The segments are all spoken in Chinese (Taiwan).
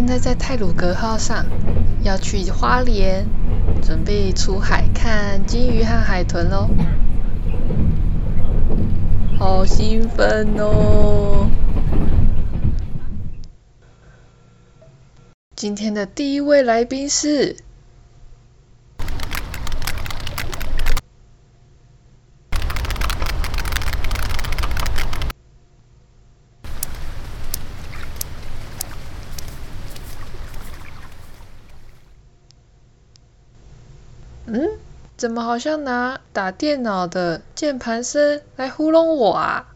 現在在太魯閣號上，要去花蓮，準備出海看鯨魚和海豚嘍，好興奮哦！今天的第一位來賓是。嗯，怎麼好像拿打電腦的鍵盤聲來糊弄我啊？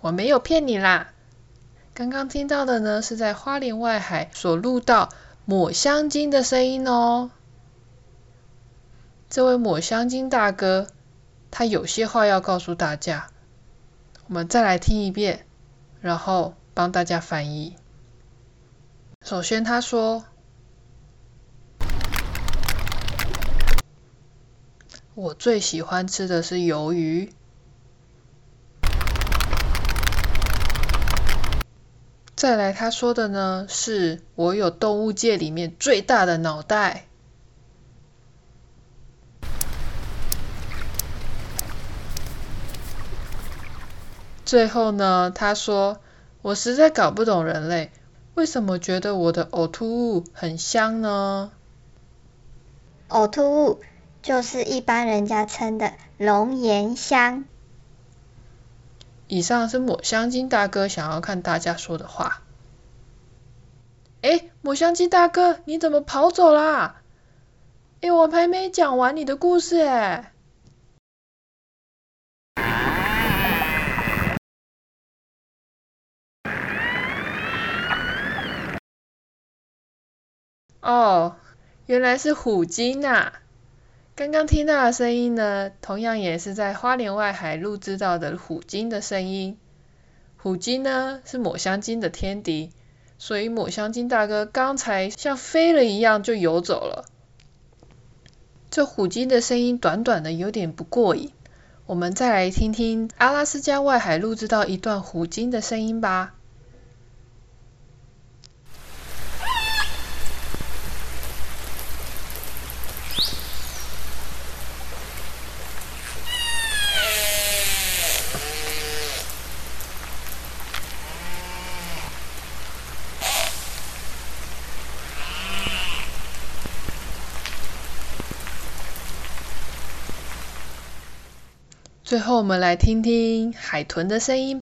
我沒有騙你啦，剛剛聽到的呢，是在花蓮外海所錄到抹香鯨的聲音哦。這位抹香鯨大哥，他有些話要告訴大家，我們再來聽一遍，然後幫大家翻譯。首先他說。我最喜歡吃的是魷魚。再來，他說的呢，是我有動物界裡面最大的腦袋。最後呢，他說，我實在搞不懂人類，為什麼覺得我的嘔吐物很香呢？嘔吐物。就是一般人家稱的龍涎香。以上是抹香鯨大哥想要看大家說的話。哎、欸，抹香鯨大哥，你怎麼跑走啦？哎、欸，我還沒講完你的故事哎、欸。哦，原來是虎鯨啊。剛剛聽到的聲音呢，同樣也是在花蓮外海錄制到的虎鯨的聲音。虎鯨呢是抹香鯨的天敵，所以抹香鯨大哥剛才像飛了一樣就游走了。這虎鯨的聲音短短的有點不過癮，我們再來聽聽阿拉斯加外海錄制到一段虎鯨的聲音吧。最後，我們來聽聽海豚的聲音。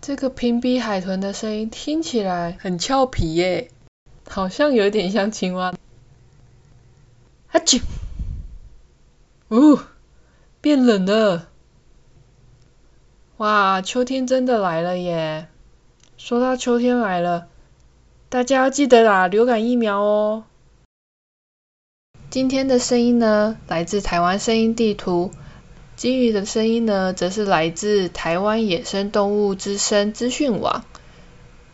這個瓶鼻海豚的聲音聽起來很俏皮耶，好像有點像青蛙。哈、啊、啾！嗚、哦，變冷了。哇，秋天真的來了耶！說到秋天來了。大家要記得打流感疫苗哦。今天的聲音呢，來自台灣聲音地圖。鯨魚的聲音呢，則是來自台灣野生動物之聲資訊網，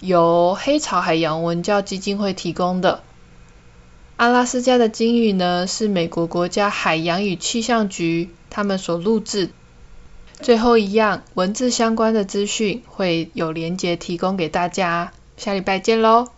由黑潮海洋文教基金會提供的。阿拉斯加的鯨魚呢，是美國國家海洋與氣象局他們所錄製。最後一樣文字相關的資訊，會有連結提供給大家。下禮拜見咯！